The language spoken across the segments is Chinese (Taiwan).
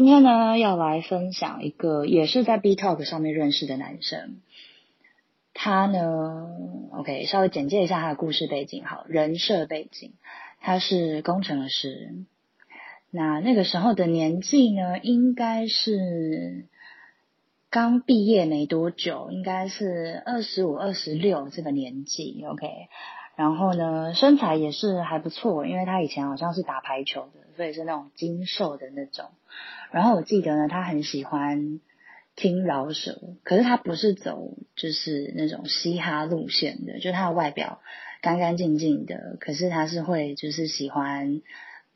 今天呢，要來分享一個也是在 B Talk 上面認識的男生。他呢，OK，稍微簡介一下他的故事背景好，好人設背景。他是工程師。那那個時候的年紀呢，應該是剛畢業沒多久，應該是二十五、二十六這個年紀，OK。然後呢，身材也是還不錯，因為他以前好像是打排球的。所以是那種精瘦的那種。然後我記得呢，他很喜歡聽饒舌，可是他不是走就是那種嘻哈路線的，就是他的外表乾乾淨淨的，可是他是會就是喜歡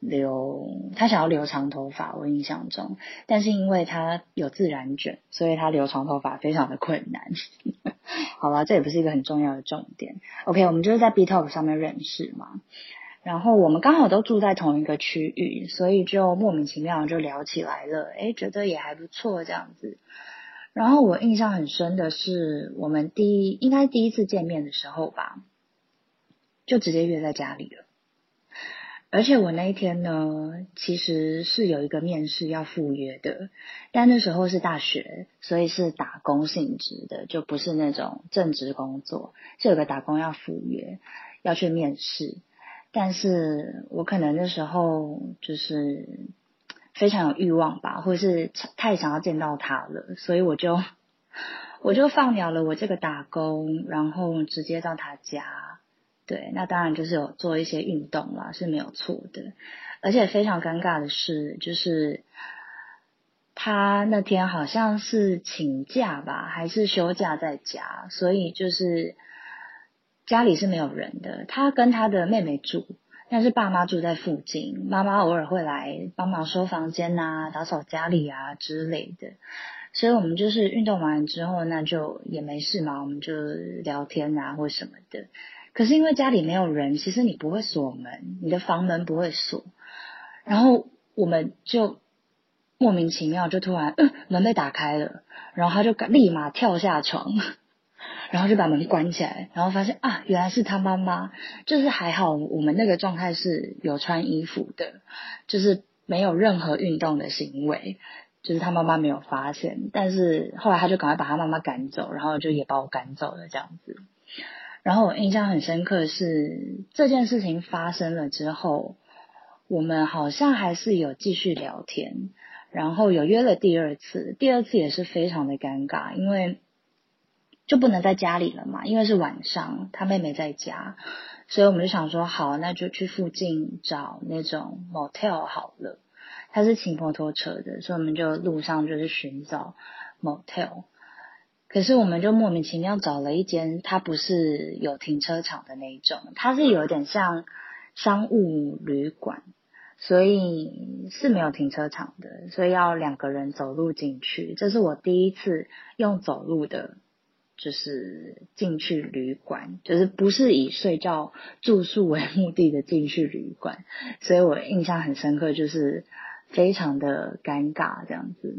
留，他想要留長頭髮，我印象中，但是因為他有自然卷，所以他留長頭髮非常的困難。 好吧，這也不是一個很重要的重點。OK，我們就是在 BeeTalk 上面認識嘛。然後我們剛好都住在同一個區域，所以就莫名其妙就聊起來了。誒，覺得也還不錯這樣子。然後我印象很深的是，我們第一應該第一次見面的時候吧，就直接約在家裡了。而且我那一天呢，其實是有一個面試要赴約的，但那時候是大學，所以是打工性質的，就不是那種正職工作。是有個打工要赴約，要去面試。但是我可能那時候就是非常有慾望吧，或者是太想要見到他了，所以我就我就放掉了了我這個打工，然後直接到他家。對，那當然就是有做一些運動啦，是沒有錯的，而且非常尷尬的是，就是他那天好像是請假吧，還是休假在家，所以就是。家裡是沒有人的，他跟他的妹妹住，但是爸媽住在附近，媽媽偶爾會來幫忙收房間吶、啊、打掃家裡啊之類的。所以我們就是運動完之後，那就也沒事嘛，我們就聊天啊或什麼的。可是因為家裡沒有人，其實你不會鎖門，你的房門不會鎖，然後我們就莫名其妙就突然、呃、門被打開了，然後他就立馬跳下床。然後就把門關起來，然後發現啊，原來是他媽媽。就是還好我們那個狀態是有穿衣服的，就是沒有任何運動的行為，就是他媽媽沒有發現。但是後來他就趕快把他媽媽趕走，然後就也把我趕走了這樣子。然後我印象很深刻是這件事情發生了之後，我們好像還是有繼續聊天，然後有約了第二次，第二次也是非常的尷尬，因為。就不能在家裡了嘛，因為是晚上，他妹妹在家，所以我們就想說，好，那就去附近找那種 motel 好了。他是騎摩托車的，所以我們就路上就是尋找 motel。可是我們就莫名其妙找了一間，它不是有停車場的那一種，它是有點像商務旅館，所以是沒有停車場的，所以要兩個人走路進去。這是我第一次用走路的。就是進去旅館，就是不是以睡覺住宿為目的的進去旅館，所以我印象很深刻，就是非常的尷尬這樣子。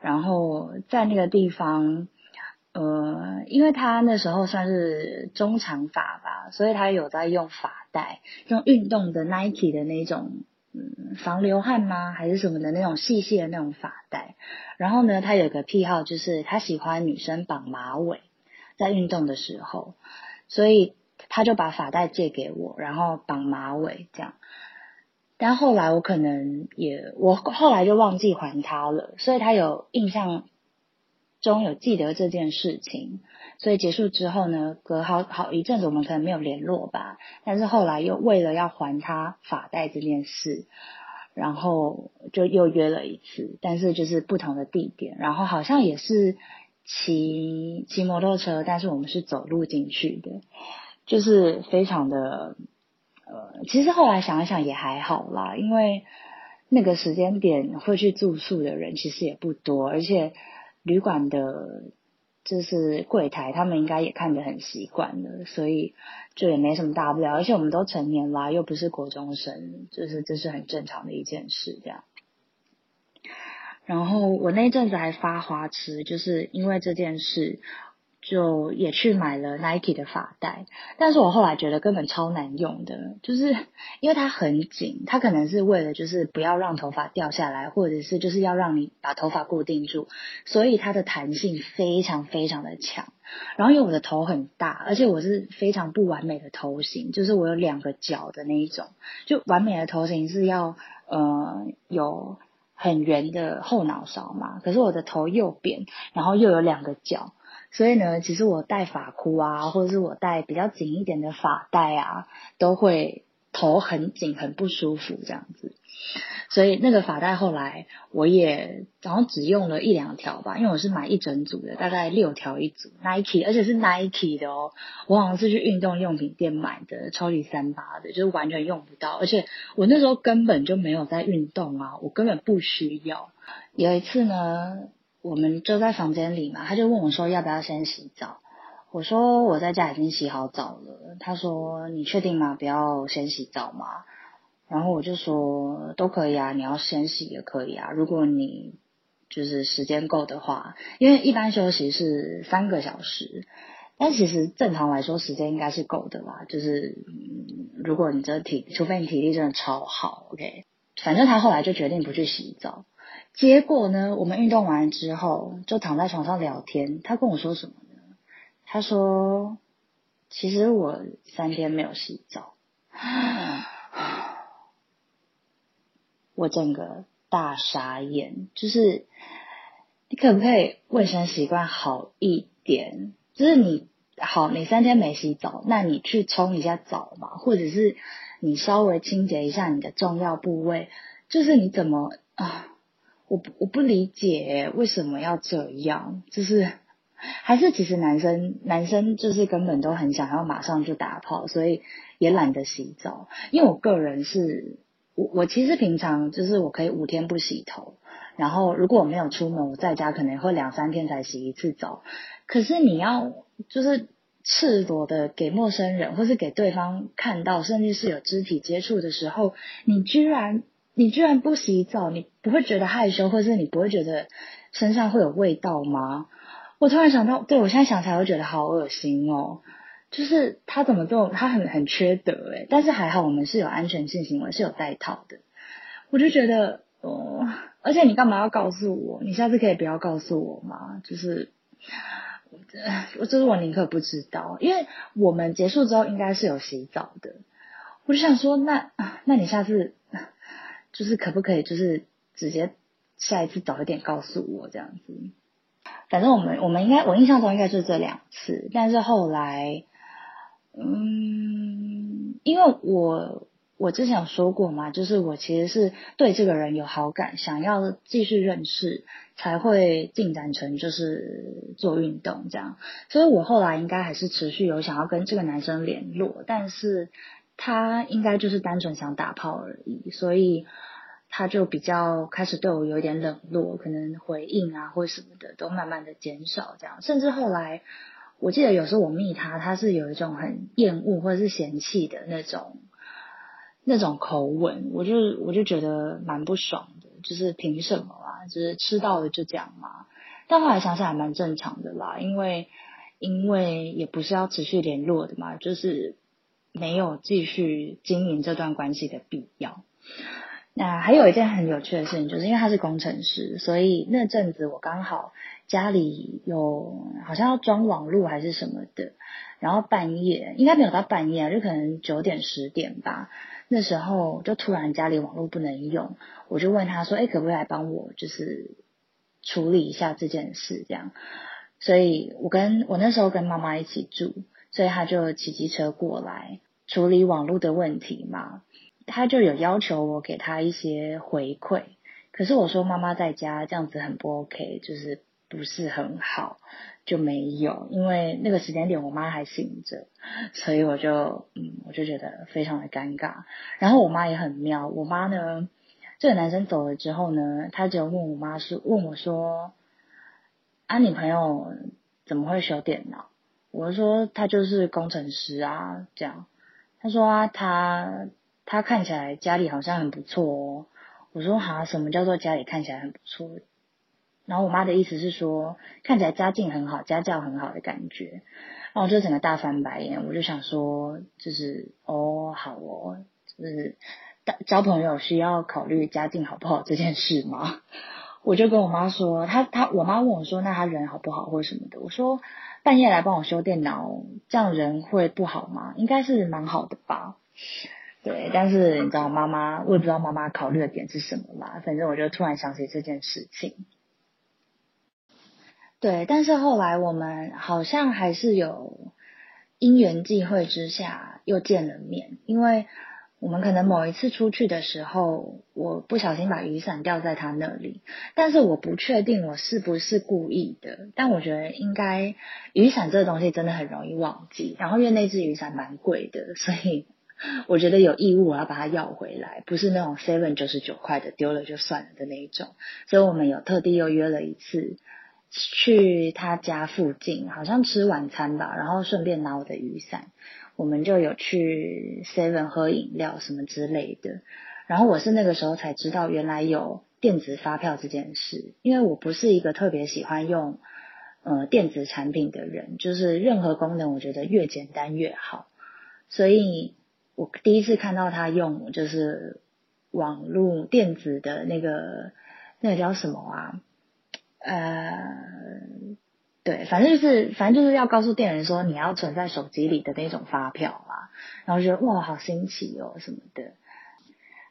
然後在那個地方，呃，因為他那時候算是中長髮吧，所以他有在用髮帶，用運動的 Nike 的那種。嗯，防流汗嗎？還是什麼的？那種細細的那種髮帶。然後呢，他有一個癖好，就是他喜歡女生綁馬尾，在運動的時候，所以他就把髮帶借給我，然後綁馬尾這樣。但後來我可能也，我後來就忘記還他了，所以他有印象，中有記得這件事情，所以結束之後呢，隔好好一陣子，我們可能沒有聯絡吧。但是後來又為了要還他髮帶這件事，然後就又約了一次，但是就是不同的地點。然後好像也是騎騎摩托車，但是我們是走路進去的，就是非常的呃。其實後來想一想也還好啦，因為那個時間點會去住宿的人其實也不多，而且。旅館的，就是櫃台，他們應該也看得很習慣了，所以就也沒什麼大不了。而且我們都成年啦、啊，又不是國中生，就是這、就是很正常的一件事，這樣。然後我那一陣子還發花痴，就是因為這件事。就也去買了 Nike 的髮帶，但是我後來覺得根本超難用的，就是因為它很緊，它可能是為了就是不要讓頭髮掉下來，或者是就是要讓你把頭髮固定住，所以它的彈性非常非常的強。然後因為我的頭很大，而且我是非常不完美的頭型，就是我有兩個角的那一種，就完美的頭型是要呃有很圓的後腦勺嘛，可是我的頭又扁，然後又有兩個角。所以呢，其實我戴髮箍啊，或者是我戴比較緊一點的髮帶啊，都會頭很緊，很不舒服這樣子。所以那個髮帶後來我也然後只用了一兩條吧，因為我是買一整組的，大概六條一組，Nike，而且是 Nike 的哦。我好像是去運動用品店買的，超級三八的，就是完全用不到。而且我那時候根本就沒有在運動啊，我根本不需要。有一次呢。我們就在房間裡嘛，他就問我說要不要先洗澡。我說我在家已經洗好澡了。他說你確定嗎？不要先洗澡嗎？然後我就說都可以啊，你要先洗也可以啊。如果你就是時間夠的話，因為一般休息是三個小時，但其實正常來說時間應該是夠的吧。就是，嗯，如果你這體，除非你體力真的超好，OK。反正他後來就決定不去洗澡。結果呢？我們運動完之後，就躺在床上聊天。他跟我說什麼呢？他說：“其實我三天沒有洗澡。”嗯，我整個大傻眼，就是你可不可以衛生習慣好一點？就是你好，你三天沒洗澡，那你去沖一下澡嘛，或者是你稍微清潔一下你的重要部位。就是你怎麼啊？我我不理解為什麼要這樣，就是還是其實男生男生，就是根本都很想要馬上就打炮，所以也懶得洗澡。因為我個人是，我我其實平常就是我可以五天不洗頭，然後如果我沒有出門我在家可能會兩三天才洗一次澡。可是你要就是赤裸的給陌生人或是給對方看到，甚至是有肢體接觸的時候，你居然。你居然不洗澡，你不會覺得害羞，或者是你不會覺得身上會有味道嗎？我突然想到，對，我現在想起來，我覺得好噁心哦。就是他怎麼做，他很很缺德欸。但是還好，我們是有安全性行為，是有戴套的。我就覺得，哦，而且你幹嘛要告訴我？你下次可以不要告訴我嗎？就是，我就是我寧可不知道，因為我們結束之後應該是有洗澡的。我就想說，那那你下次。就是可不可以，就是直接下一次早一點告訴我這樣子。反正我們我們應該，我印象中應該就是這兩次，但是後來，嗯，因為我我之前有說過嘛，就是我其實是對這個人有好感，想要繼續認識，才會進展成就是做運動這樣。所以我後來應該還是持續有想要跟這個男生聯絡，但是。他應該就是單純想打炮而已，所以他就比較開始對我有點冷落，可能回應啊或什麼的都慢慢的減少，這樣。甚至後來，我記得有時候我密他，他是有一種很厭惡或者是嫌棄的那種那種口吻，我就我就覺得蠻不爽的，就是憑什麼啊？就是吃到的就這樣嘛。但後來想想還蠻正常的啦，因為因為也不是要持續聯絡的嘛，就是。沒有繼續經營這段關係的必要。那還有一件很有趣的事情，就是因為他是工程師，所以那陣子我剛好家裡有好像要裝網絡還是什麼的，然後半夜應該沒有到半夜，就可能九點十點吧。那時候就突然家裡網絡不能用，我就問他說：“哎，可不可以來幫我就是處理一下這件事？”這樣，所以我跟我那時候跟媽媽一起住。所以他就騎機車過來處理網路的問題嘛，他就有要求我給他一些回饋，可是我說媽媽在家這樣子很不 OK，就是不是很好就沒有，因為那個時間點我媽還醒着，所以我就嗯，我就覺得非常的尷尬，然後我媽也很妙，我媽呢，這個男生走了之後呢，他就問我媽，是問我說，啊，女朋友怎麼會修電腦？我就說他就是工程師啊，這樣。他說啊，他他看起來家裡好像很不錯哦。我說啊，什麼叫做家裡看起來很不錯？然後我媽的意思是說看起來家境很好，家教很好的感覺。然後我就整個大翻白眼，我就想說就是哦，好哦，就是交朋友需要考慮家境好不好這件事嗎？我就跟我媽說，她她，我媽問我說那她人好不好或什麼的，我說。半夜來幫我修電腦，這樣人會不好嗎？應該是蠻好的吧，對。但是你知道媽媽，我也不知道媽媽考慮的點是什麼嘛？反正我就突然想起這件事情。對，但是後來我們好像還是有因緣際會之下又見了面，因為。我們可能某一次出去的時候，我不小心把雨傘掉在他那裡，但是我不確定我是不是故意的。但我覺得應該，雨傘這個東西真的很容易忘記。然後因為那只雨傘蠻貴的，所以我覺得有義務我要把它要回來，不是那種 seven 九十九塊的丟了就算了的那一種。所以我們有特地又約了一次，去他家附近，好像吃晚餐吧，然後順便拿我的雨傘。我們就有去 Seven 喝飲料什麼之類的，然後我是那個時候才知道原來有電子發票這件事，因為我不是一個特別喜歡用呃電子產品的人，就是任何功能我覺得越簡單越好，所以我第一次看到他用就是網絡電子的那個那個叫什麼啊？呃。對，反正就是，反正就是要告訴店員說你要存在手機裡的那種發票啊。然後我覺得哇，好新奇哦什麼的。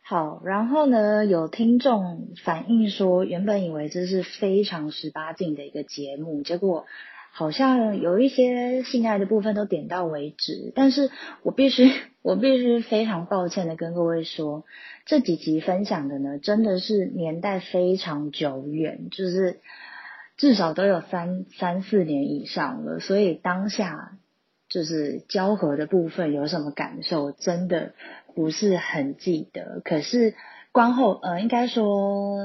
好，然後呢，有聽眾反映說，原本以為這是非常十八禁的一個節目，結果好像有一些性愛的部分都點到為止。但是我必須，我必須非常抱歉的跟各位說，這幾集分享的呢，真的是年代非常久遠，就是。至少都有三三四年以上了，所以當下就是交合的部分有什麼感受，真的不是很記得。可是觀後，呃，應該說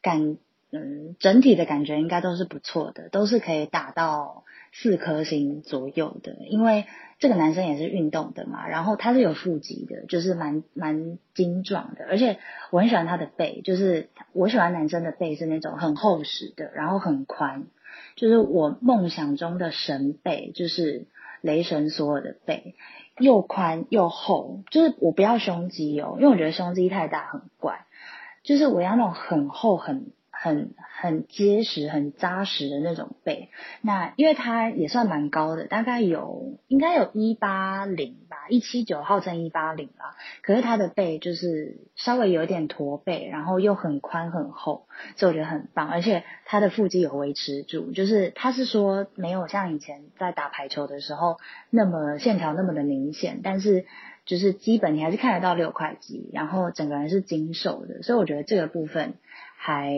感，嗯、呃，整體的感覺應該都是不錯的，都是可以打到四顆星左右的，因為。這個男生也是運動的嘛，然後他是有腹肌的，就是蠻蠻精壯的，而且我很喜歡他的背，就是我喜歡男生的背是那種很厚實的，然後很寬，就是我夢想中的神背，就是雷神索爾的背，又寬又厚，就是我不要胸肌哦，因為我覺得胸肌太大很怪，就是我要那種很厚很。很很結實、很扎實的那種背，那因為他也算蠻高的，大概有應該有一八零吧，一七九號稱一八零啦。可是他的背就是稍微有一點駝背，然後又很寬很厚，所以我覺得很棒。而且他的腹肌有維持住，就是他是說沒有像以前在打排球的時候那麼線條那麼的明顯，但是就是基本你還是看得到六塊肌，然後整個人是精瘦的，所以我覺得這個部分。還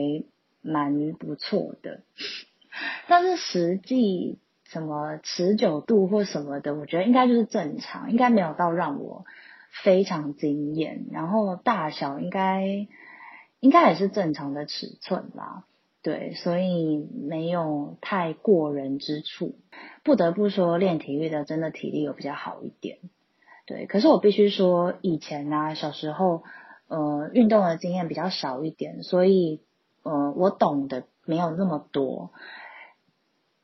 蠻不錯的，但是實際什麼持久度或什麼的，我覺得應該就是正常，應該沒有到讓我非常驚豔。然後大小應該應該也是正常的尺寸吧，對，所以沒有太過人之處。不得不說，練體育的真的體力有比較好一點，對。可是我必須說，以前啊，小時候。呃，運動的經驗比較少一點，所以呃，我懂得沒有那麼多。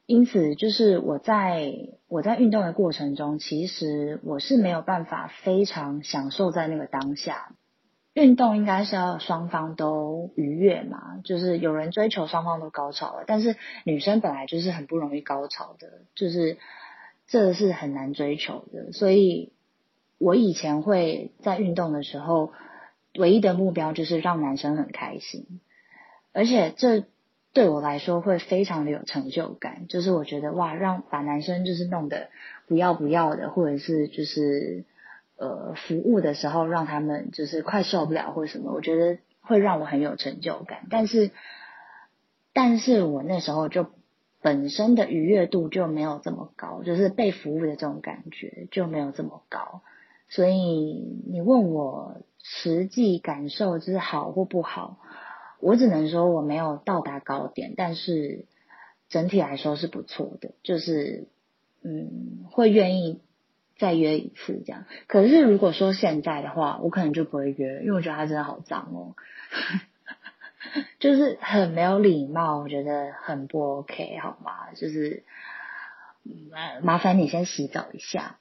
因此，就是我在我在運動的過程中，其實我是沒有辦法非常享受在那個當下。運動應該是要雙方都愉悅嘛，就是有人追求雙方都高潮了，但是女生本來就是很不容易高潮的，就是這是很難追求的。所以我以前會在運動的時候。唯一的目標就是讓男生很開心，而且這對我來說會非常的有成就感。就是我覺得哇，讓把男生就是弄得不要不要的，或者是就是呃服務的時候讓他們就是快受不了或什麼，我覺得會讓我很有成就感。但是，但是我那時候就本身的愉悅度就沒有這麼高，就是被服務的這種感覺就沒有這麼高。所以你問我，實際感受就是好或不好，我只能說我沒有到達高點，但是整體來說是不錯的，就是嗯會願意再約一次這樣。可是如果說現在的話，我可能就不會約，因為我覺得他真的好髒哦， 就是很沒有禮貌，我覺得很不 OK，好嗎？就是、嗯、麻煩你先洗澡一下。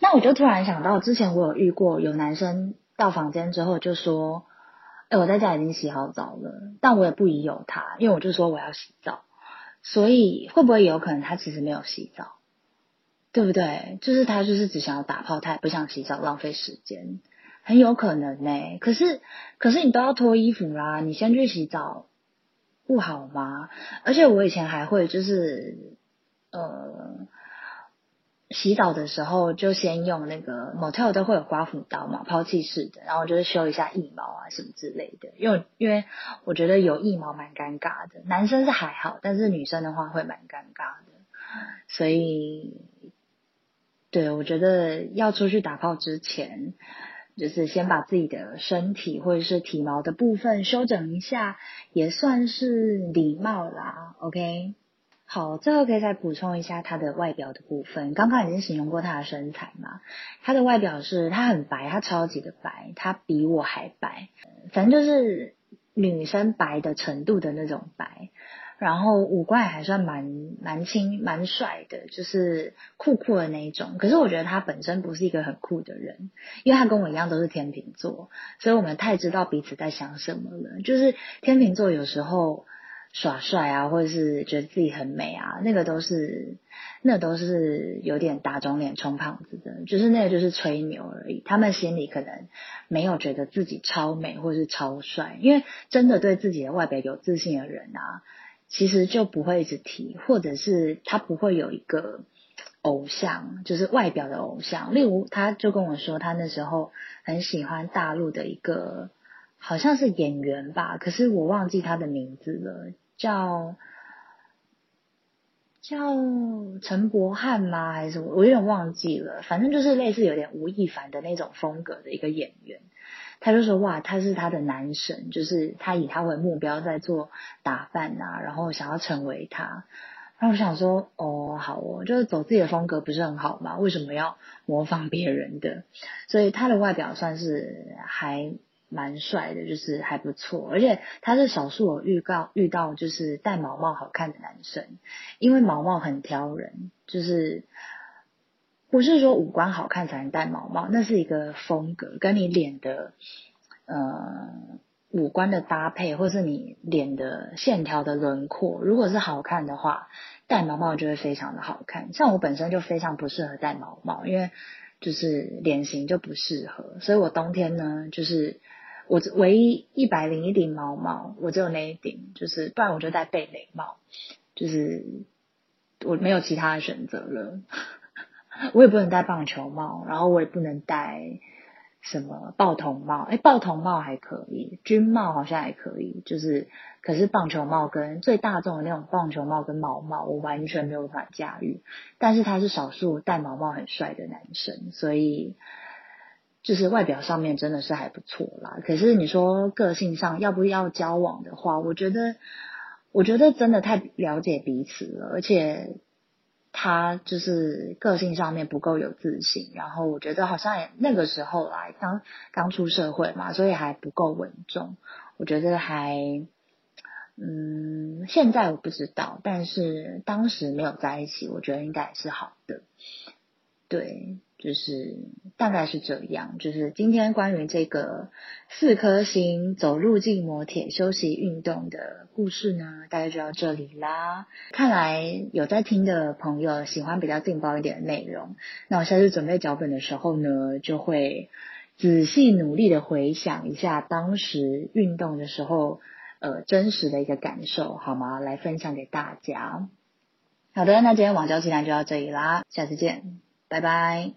那我就突然想到，之前我有遇過有男生。到房間之後就說，哎，我在家已經洗好澡了，但我也不疑有他，因為我就說我要洗澡，所以會不會有可能他其實沒有洗澡，對不對？就是他就是只想要打炮，他也不想洗澡浪費時間，很有可能呢、欸。可是可是你都要脫衣服啦、啊，你先去洗澡不好嗎？而且我以前還會就是，呃。洗澡的時候就先用那個，Motel 都會有刮鬍刀嘛，拋棄式的，然後就是修一下腋毛啊什麼之類的，因為因為我覺得有腋毛蠻尷尬的，男生是還好，但是女生的話會蠻尷尬的，所以，對，我覺得要出去打炮之前，就是先把自己的身體或者是體毛的部分修整一下，也算是禮貌啦，OK。好，最後可以再補充一下他的外表的部分。剛剛已經形容過他的身材嘛，他的外表是他很白，他超級的白，他比我還白，反正就是女生白的程度的那種白。然後五官也還算蠻蠻清蠻帥的，就是酷酷的那一種。可是我覺得他本身不是一個很酷的人，因為他跟我一樣都是天秤座，所以我們太知道彼此在想什麼了。就是天秤座有時候。耍帥啊，或者是覺得自己很美啊，那個都是那個、都是有點打腫臉充胖子的，就是那個就是吹牛而已。他們心裡可能沒有覺得自己超美或是超帥，因為真的對自己的外表有自信的人啊，其實就不會一直提，或者是他不會有一個偶像，就是外表的偶像。例如，他就跟我說，他那時候很喜歡大陸的一個，好像是演員吧，可是我忘記他的名字了。叫叫陳柏翰嗎？還是什麼？我有點忘記了。反正就是類似有點吳亦凡的那種風格的一個演員，他就說哇，他是他的男神，就是他以他為目標在做打扮啊，然後想要成為他。然後我想說，哦，好哦，就是走自己的風格不是很好嗎？為什麼要模仿別人的？所以他的外表算是還。蠻帥的，就是還不錯，而且他是少數有預告遇到就是戴毛帽好看的男生，因為毛帽很挑人，就是不是說五官好看才能戴毛帽，那是一個風格，跟你臉的呃五官的搭配，或是你臉的線條的輪廓，如果是好看的話，戴毛帽就會非常的好看。像我本身就非常不適合戴毛帽，因為就是臉型就不適合，所以我冬天呢就是。我唯一一百零一頂毛帽，我只有那一頂，就是不然我就戴貝雷帽，就是我沒有其他的選擇了， 我也不能戴棒球帽，然後我也不能戴什麼報童帽，哎，報童帽還可以，軍帽好像還可以，就是可是棒球帽跟最大眾的那種棒球帽跟毛帽，我完全沒有辦法駕馭，但是他是少數戴毛帽很帥的男生，所以。就是外表上面真的是還不錯啦，可是你說個性上要不要交往的話，我覺得，我覺得真的太了解彼此了，而且他就是個性上面不夠有自信，然後我覺得好像也那個時候來剛剛出社會嘛，所以還不夠穩重，我覺得還，嗯，現在我不知道，但是當時沒有在一起，我覺得應該也是好的，對，就是。大概是這樣，就是今天關於這個四顆星走路進摩鐵休息運動的故事呢，大概就到這裡啦。看來有在聽的朋友喜歡比較勁爆一點的內容，那我下次準備腳本的時候呢，就會仔細努力的回想一下當時運動的時候，呃，真實的一個感受，好嗎？來分享給大家。好的，那今天網交指南就到這裡啦，下次見，拜拜。